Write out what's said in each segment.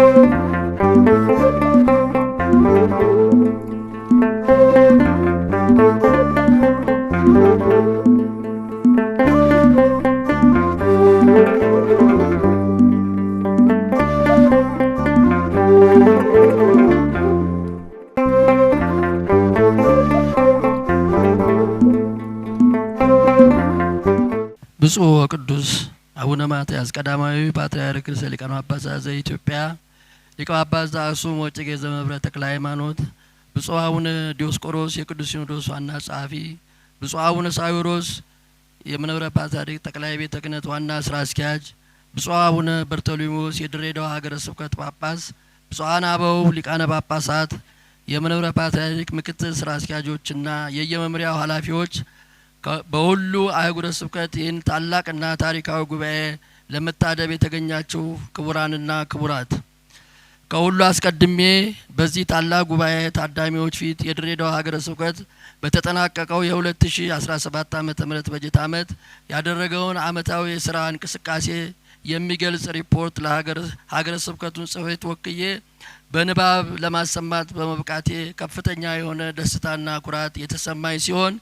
ብፁዕ ወቅዱስ አቡነ ማትያስ ቀዳማዊ ፓትርያርክ ርዕሰ ሊቃነ ጳጳሳት ዘኢትዮጵያ ሊቀ ጳጳስ ዘአክሱም ወዕጨጌ ዘመንበረ ተክለ ሃይማኖት፣ ብፁዕ አቡነ ዲዮስቆሮስ የቅዱስ ሲኖዶስ ዋና ጸሐፊ፣ ብፁዕ አቡነ ሳዊሮስ የመንበረ ፓትርያርክ ጠቅላይ ቤተ ክህነት ዋና ስራ አስኪያጅ፣ ብፁዕ አቡነ በርቶሎሜዎስ የድሬዳዋ ሀገረ ስብከት ጳጳስ፣ ብፁዓን አበው ሊቃነ ጳጳሳት የመንበረ ፓትርያርክ ምክትል ስራ አስኪያጆችና የየመምሪያው ኃላፊዎች በሁሉ አህጉረ ስብከት ይህን ታላቅና ታሪካዊ ጉባኤ ለመታደብ የተገኛችሁ ክቡራንና ክቡራት ከሁሉ አስቀድሜ በዚህ ታላቅ ጉባኤ ታዳሚዎች ፊት የድሬዳዋ ሀገረ ስብከት በተጠናቀቀው የ2017 ዓ ም በጀት ዓመት ያደረገውን አመታዊ የስራ እንቅስቃሴ የሚገልጽ ሪፖርት ለሀገረ ስብከቱን ጽሕፈት ወክዬ በንባብ ለማሰማት በመብቃቴ ከፍተኛ የሆነ ደስታና ኩራት የተሰማኝ ሲሆን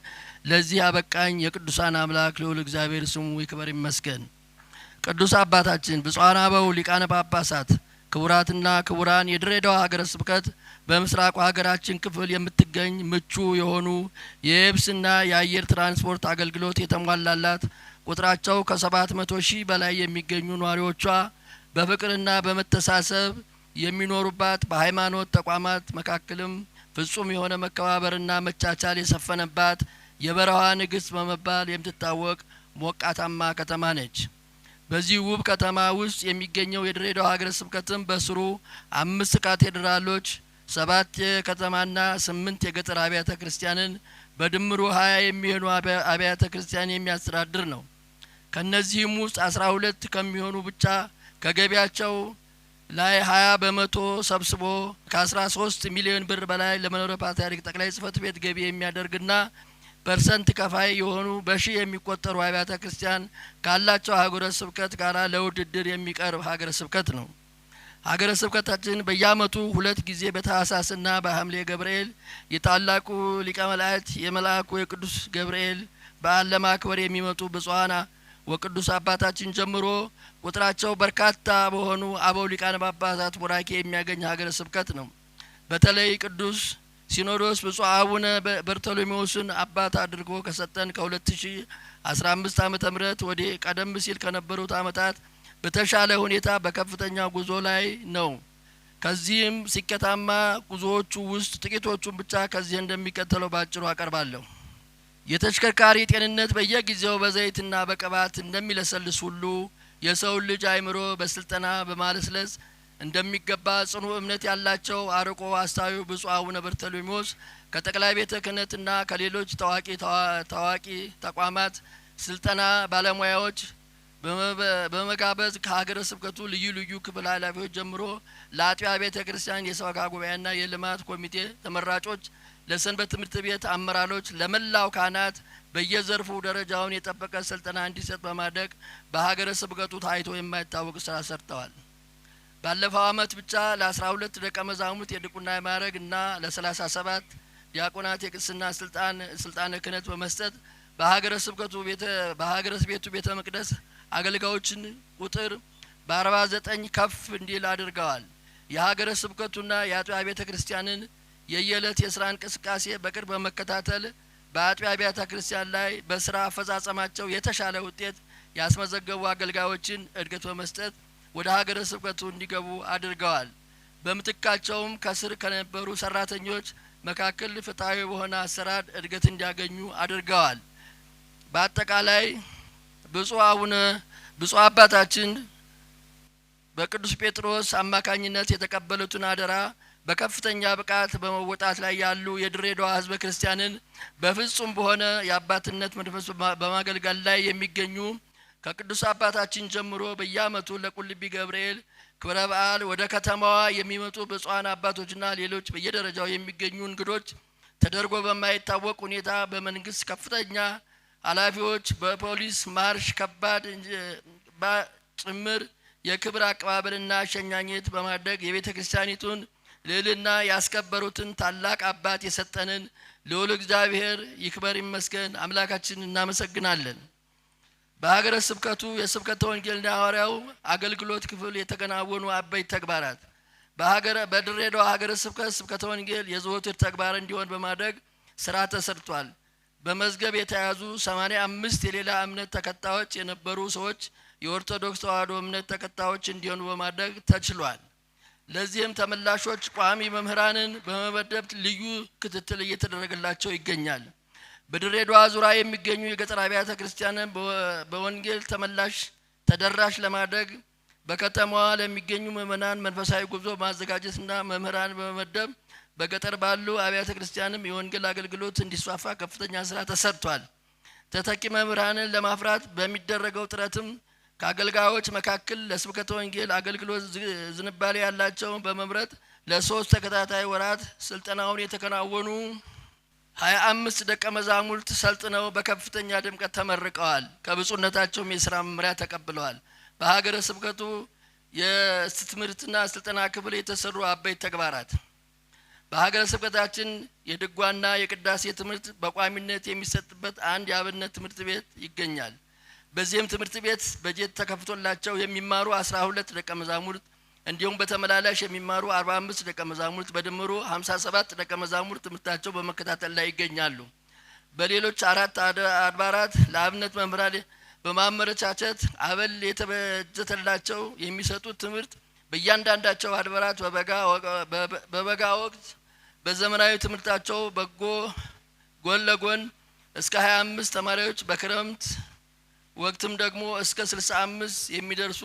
ለዚህ አበቃኝ የቅዱሳን አምላክ ልዑል እግዚአብሔር ስሙ ይክበር ይመስገን። ቅዱስ አባታችን ብፁዓን አበው ሊቃነ ጳጳሳት ክቡራትና ክቡራን የድሬዳዋ ሀገረ ስብከት በምስራቁ ሀገራችን ክፍል የምትገኝ ምቹ የሆኑ የየብስና የአየር ትራንስፖርት አገልግሎት የተሟላላት ቁጥራቸው ከሰባት መቶ ሺህ በላይ የሚገኙ ነዋሪዎቿ በፍቅርና በመተሳሰብ የሚኖሩባት በሃይማኖት ተቋማት መካከልም ፍጹም የሆነ መከባበርና መቻቻል የሰፈነባት የበረሃ ንግስት በመባል የምትታወቅ ሞቃታማ ከተማ ነች። በዚህ ውብ ከተማ ውስጥ የሚገኘው የድሬዳዋ ሀገረ ስብከትም በስሩ አምስት ካቴድራሎች፣ ሰባት የከተማና ስምንት የገጠር አብያተ ክርስቲያንን በድምሩ ሀያ የሚሆኑ አብያተ ክርስቲያን የሚያስተዳድር ነው። ከእነዚህም ውስጥ አስራ ሁለት ከሚሆኑ ብቻ ከገቢያቸው ላይ ሀያ በመቶ ሰብስቦ ከአስራ ሶስት ሚሊዮን ብር በላይ ለመንበረ ፓትርያርክ ጠቅላይ ጽሕፈት ቤት ገቢ የሚያደርግና ፐርሰንት ከፋይ የሆኑ በሺህ የሚቆጠሩ አብያተ ክርስቲያን ካላቸው ሀገረ ስብከት ጋር ለውድድር የሚቀርብ ሀገረ ስብከት ነው። ሀገረ ስብከታችን በየአመቱ ሁለት ጊዜ በታህሳስና በሐምሌ ገብርኤል የታላቁ ሊቀ መላእክት የመልአኩ የቅዱስ ገብርኤል በዓል ለማክበር የሚመጡ ብፁዓን ወቅዱስ አባታችን ጀምሮ ቁጥራቸው በርካታ በሆኑ አበው ሊቃነ ጳጳሳት ቡራኬ የሚያገኝ ሀገረ ስብከት ነው። በተለይ ቅዱስ ሲኖዶስ ብፁዕ አቡነ በርቶሎሜዎስን አባት አድርጎ ከሰጠን ከ2015 ዓ ምህረት ወዲህ ቀደም ሲል ከነበሩት ዓመታት በተሻለ ሁኔታ በከፍተኛ ጉዞ ላይ ነው። ከዚህም ስኬታማ ጉዞዎቹ ውስጥ ጥቂቶቹን ብቻ ከዚህ እንደሚከተለው ባጭሩ አቀርባለሁ። የተሽከርካሪ ጤንነት በየጊዜው በዘይትና በቅባት እንደሚለሰልስ ሁሉ የሰውን ልጅ አይምሮ በስልጠና በማለስለስ እንደሚገባ ጽኑ እምነት ያላቸው አርቆ አስተዋዩ ብፁዕ አቡነ በርተሎሜዎስ ከጠቅላይ ቤተ ክህነትና ከሌሎች ታዋቂ ታዋቂ ተቋማት ስልጠና ባለሙያዎች በመጋበዝ ከሀገረ ስብከቱ ልዩ ልዩ ክፍል ኃላፊዎች ጀምሮ ለአጥቢያ ቤተ ክርስቲያን የሰበካ ጉባኤና የልማት ኮሚቴ ተመራጮች፣ ለሰንበት ትምህርት ቤት አመራሮች፣ ለመላው ካህናት በየዘርፉ ደረጃውን የጠበቀ ስልጠና እንዲሰጥ በማድረግ በሀገረ ስብከቱ ታይቶ የማይታወቅ ስራ ሰርተዋል። ባለፈው አመት ብቻ ለአስራ ሁለት ደቀ መዛሙርት የድቁና የማድረግ እና ለሰላሳ ሰባት ዲያቆናት የቅስና ስልጣን ስልጣነ ክህነት በመስጠት በሀገረ ስብከቱ ቤተ በሀገረ ቤቱ ቤተ መቅደስ አገልጋዮችን ቁጥር በአርባ ዘጠኝ ከፍ እንዲል አድርገዋል። የሀገረ ስብከቱና የአጥቢያ ቤተ ክርስቲያንን የየዕለት የስራ እንቅስቃሴ በቅርብ በመከታተል በአጥቢያ ቤተ ክርስቲያን ላይ በስራ አፈጻጸማቸው የተሻለ ውጤት ያስመዘገቡ አገልጋዮችን እድገት በመስጠት ወደ ሀገረ ስብከቱ እንዲገቡ አድርገዋል። በምትካቸውም ከስር ከነበሩ ሰራተኞች መካከል ፍትሐዊ በሆነ አሰራር እድገት እንዲያገኙ አድርገዋል። በአጠቃላይ ብፁዕ አቡነ ብፁዕ አባታችን በቅዱስ ጴጥሮስ አማካኝነት የተቀበሉትን አደራ በከፍተኛ ብቃት በመወጣት ላይ ያሉ የድሬዳዋ ህዝበ ክርስቲያንን በፍጹም በሆነ የአባትነት መንፈስ በማገልገል ላይ የሚገኙ ከቅዱስ አባታችን ጀምሮ በየዓመቱ ለቁልቢ ገብርኤል ክብረ በዓል ወደ ከተማዋ የሚመጡ ብፁዓን አባቶችና ሌሎች በየደረጃው የሚገኙ እንግዶች ተደርጎ በማይታወቅ ሁኔታ በመንግስት ከፍተኛ ኃላፊዎች በፖሊስ ማርሽ ከባድ ጭምር የክብር አቀባበልና አሸኛኘት በማድረግ የቤተ ክርስቲያኒቱን ልዕልና ያስከበሩትን ታላቅ አባት የሰጠንን ልዑል እግዚአብሔር ይክበር ይመስገን። አምላካችን እናመሰግናለን። በሀገረ ስብከቱ የስብከተ ወንጌልና ሐዋርያው አገልግሎት ክፍል የተከናወኑ አበይት ተግባራት በሀገረ በድሬዳዋ ሀገረ ስብከት ስብከተ ወንጌል የዘወትር ተግባር እንዲሆን በማድረግ ስራ ተሰርቷል። በመዝገብ የተያዙ ሰማኒያ አምስት የሌላ እምነት ተከታዮች የነበሩ ሰዎች የኦርቶዶክስ ተዋሕዶ እምነት ተከታዮች እንዲሆኑ በማድረግ ተችሏል። ለዚህም ተመላሾች ቋሚ መምህራንን በመመደብ ልዩ ክትትል እየተደረገላቸው ይገኛል። በድሬዳዋ ዙሪያ የሚገኙ የገጠር አብያተ ክርስቲያንን በወንጌል ተመላሽ ተደራሽ ለማድረግ በከተማዋ ለሚገኙ ምእመናን መንፈሳዊ ጉዞ ማዘጋጀትና መምህራን በመመደብ በገጠር ባሉ አብያተ ክርስቲያንም የወንጌል አገልግሎት እንዲስፋፋ ከፍተኛ ስራ ተሰርቷል። ተተኪ መምህራንን ለማፍራት በሚደረገው ጥረትም ከአገልጋዮች መካከል ለስብከተ ወንጌል አገልግሎት ዝንባሌ ያላቸውን በመምረጥ ለሶስት ተከታታይ ወራት ስልጠናውን የተከናወኑ ሀያ አምስት ደቀ መዛሙርት ሰልጥነው በከፍተኛ ድምቀት ተመርቀዋል። ከብፁዕነታቸውም የስራ መመሪያ ተቀብለዋል። በሀገረ ስብከቱ የትምህርትና ስልጠና ክፍል የተሰሩ አበይት ተግባራት በሀገረ ስብከታችን የድጓና የቅዳሴ ትምህርት በቋሚነት የሚሰጥበት አንድ የአብነት ትምህርት ቤት ይገኛል። በዚህም ትምህርት ቤት በጀት ተከፍቶላቸው የሚማሩ አስራ ሁለት ደቀ መዛሙርት እንዲሁም በተመላላሽ የሚማሩ 45 ደቀ መዛሙርት በድምሩ 57 ደቀ መዛሙርት ትምህርታቸው በመከታተል ላይ ይገኛሉ። በሌሎች አራት አድባራት ለአብነት መምህራን በማመረቻቸት አበል የተበጀተላቸው የሚሰጡት ትምህርት በእያንዳንዳቸው አድባራት በበጋ ወቅት በዘመናዊ ትምህርታቸው በጎ ጎን ለጎን እስከ 25 ተማሪዎች በክረምት ወቅትም ደግሞ እስከ 65 የሚደርሱ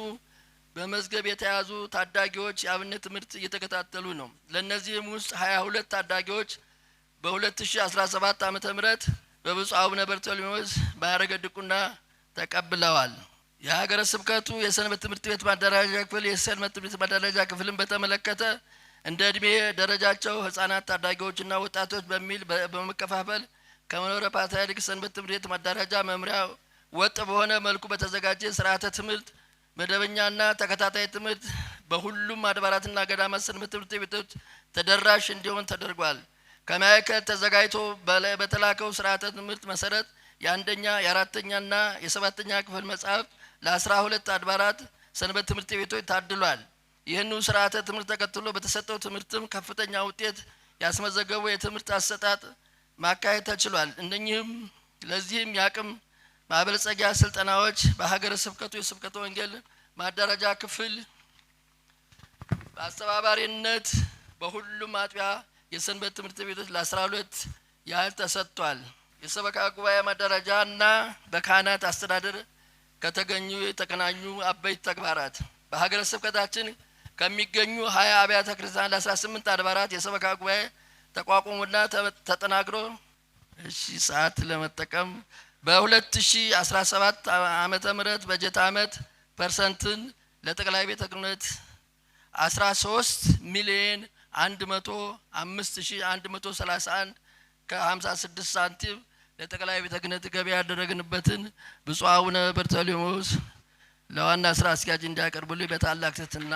በመዝገብ የተያዙ ታዳጊዎች የአብነት ትምህርት እየተከታተሉ ነው። ለእነዚህም ውስጥ ሀያ ሁለት ታዳጊዎች በ2017 ዓ ም በብፁዕ አቡነ በርቶሎሜዎስ በሀረገ ድቁና ተቀብለዋል። የሀገረ ስብከቱ የሰንበት ትምህርት ቤት ማደራጃ ክፍል የሰንበት ትምህርት ማደራጃ ክፍልን በተመለከተ እንደ እድሜ ደረጃቸው ህጻናት፣ ታዳጊዎችና ወጣቶች በሚል በመከፋፈል ከመኖረ ፓትርያርክ ሰንበት ትምህርት ቤት ማደራጃ መምሪያ ወጥ በሆነ መልኩ በተዘጋጀ ስርዓተ ትምህርት መደበኛና ተከታታይ ትምህርት በሁሉም አድባራትና ገዳማት ሰንበት ትምህርት ቤቶች ተደራሽ እንዲሆን ተደርጓል። ከማዕከል ተዘጋጅቶ በተላከው ስርዓተ ትምህርት መሰረት የአንደኛ የአራተኛና የሰባተኛ ክፍል መጽሐፍ ለአስራ ሁለት አድባራት ሰንበት ትምህርት ቤቶች ታድሏል። ይህኑ ስርዓተ ትምህርት ተከትሎ በተሰጠው ትምህርትም ከፍተኛ ውጤት ያስመዘገቡ የትምህርት አሰጣጥ ማካሄድ ተችሏል። እነኚህም ለዚህም የአቅም ማበልጸጊያ ስልጠናዎች በሀገረ ስብከቱ የስብከተ ወንጌል ማደረጃ ክፍል በአስተባባሪነት በሁሉም አጥቢያ የሰንበት ትምህርት ቤቶች ለአስራ ሁለት ያህል ተሰጥቷል። የሰበካ ጉባኤ ማደራጃ እና በካህናት አስተዳደር ከተገኙ የተቀናኙ አበይት ተግባራት በሀገረ ስብከታችን ከሚገኙ ሀያ አብያተ ክርስቲያን ለአስራ ስምንት አድባራት የሰበካ ጉባኤ ተቋቁሞና ተጠናክሮ እሺ ሰዓት ለመጠቀም በ2017 ዓመተ ምህረት በጀት ዓመት ፐርሰንትን ለጠቅላይ ቤተ ክህነት 13 ሚሊዮን 105131 ከ56 ሳንቲም ለጠቅላይ ቤተ ክህነት ገቢ ያደረግንበትን ብፁዕ አቡነ በርተሎሜዎስ ለዋና ስራ አስኪያጅ እንዲያቀርቡልኝ በታላቅ ትህትና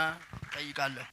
ጠይቃለሁ።